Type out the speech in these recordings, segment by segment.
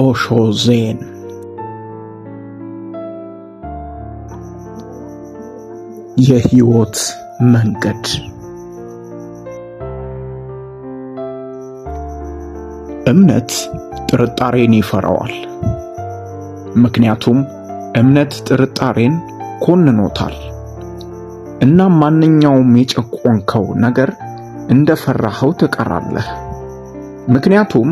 ኦሾ ዜን የህይወት መንገድ እምነት ጥርጣሬን ይፈራዋል። ምክንያቱም እምነት ጥርጣሬን ኮንኖታል። እናም ማንኛውም የጨቆንከው ነገር እንደፈራኸው ትቀራለህ። ምክንያቱም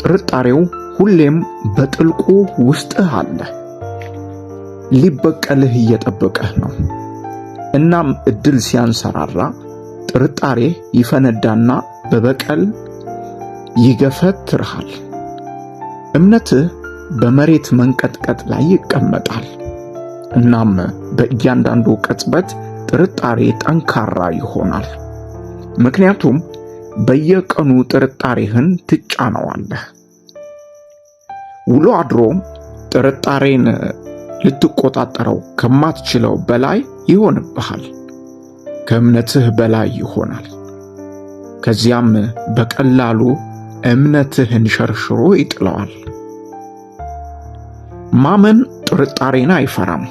ጥርጣሬው ሁሌም በጥልቁ ውስጥህ አለ። ሊበቀልህ እየጠበቀህ ነው። እናም እድል ሲያንሰራራ ጥርጣሬ ይፈነዳና በበቀል ይገፈትርሃል። እምነትህ በመሬት መንቀጥቀጥ ላይ ይቀመጣል። እናም በእያንዳንዱ ቅጽበት ጥርጣሬ ጠንካራ ይሆናል። ምክንያቱም በየቀኑ ጥርጣሬህን ትጫነዋለህ። ውሎ አድሮ ጥርጣሬን ልትቆጣጠረው ከማትችለው በላይ ይሆንብሃል፣ ከእምነትህ በላይ ይሆናል። ከዚያም በቀላሉ እምነትህን ሸርሽሮ ይጥለዋል። ማመን ጥርጣሬን አይፈራም፣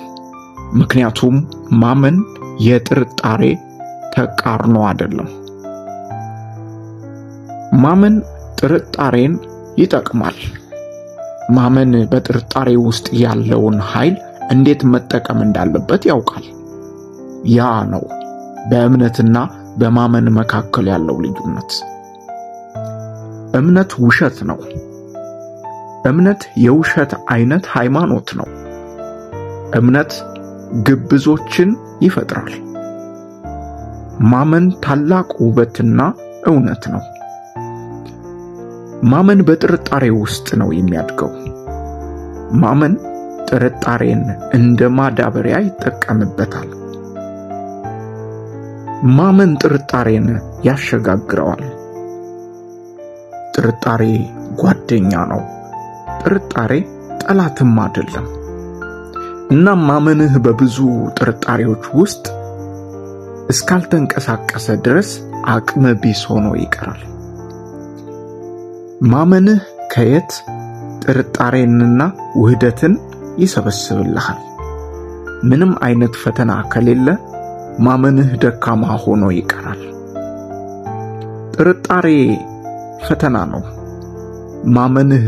ምክንያቱም ማመን የጥርጣሬ ተቃርኖ አይደለም። ማመን ጥርጣሬን ይጠቅማል። ማመን በጥርጣሬ ውስጥ ያለውን ኃይል እንዴት መጠቀም እንዳለበት ያውቃል። ያ ነው በእምነትና በማመን መካከል ያለው ልዩነት። እምነት ውሸት ነው። እምነት የውሸት አይነት ሃይማኖት ነው። እምነት ግብዞችን ይፈጥራል። ማመን ታላቅ ውበትና እውነት ነው። ማመን በጥርጣሬ ውስጥ ነው የሚያድገው። ማመን ጥርጣሬን እንደ ማዳበሪያ ይጠቀምበታል። ማመን ጥርጣሬን ያሸጋግረዋል። ጥርጣሬ ጓደኛ ነው። ጥርጣሬ ጠላትም አይደለም። እናም ማመንህ በብዙ ጥርጣሬዎች ውስጥ እስካልተንቀሳቀሰ ድረስ አቅመ ቢስ ሆኖ ይቀራል። ማመንህ ከየት ጥርጣሬንና ውህደትን ይሰበስብልሃል። ምንም አይነት ፈተና ከሌለ ማመንህ ደካማ ሆኖ ይቀራል። ጥርጣሬ ፈተና ነው። ማመንህ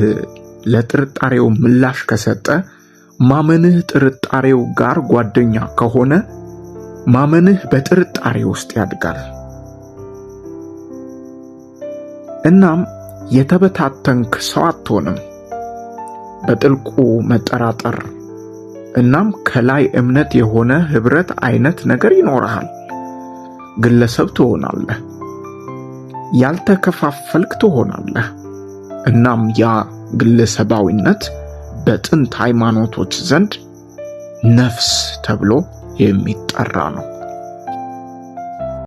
ለጥርጣሬው ምላሽ ከሰጠ፣ ማመንህ ጥርጣሬው ጋር ጓደኛ ከሆነ፣ ማመንህ በጥርጣሬ ውስጥ ያድጋል። እናም የተበታተንክ ሰው አትሆንም። በጥልቁ መጠራጠር እናም ከላይ እምነት የሆነ ህብረት አይነት ነገር ይኖርሃል። ግለሰብ ትሆናለህ፣ ያልተከፋፈልክ ትሆናለህ። እናም ያ ግለሰባዊነት በጥንት ሃይማኖቶች ዘንድ ነፍስ ተብሎ የሚጠራ ነው።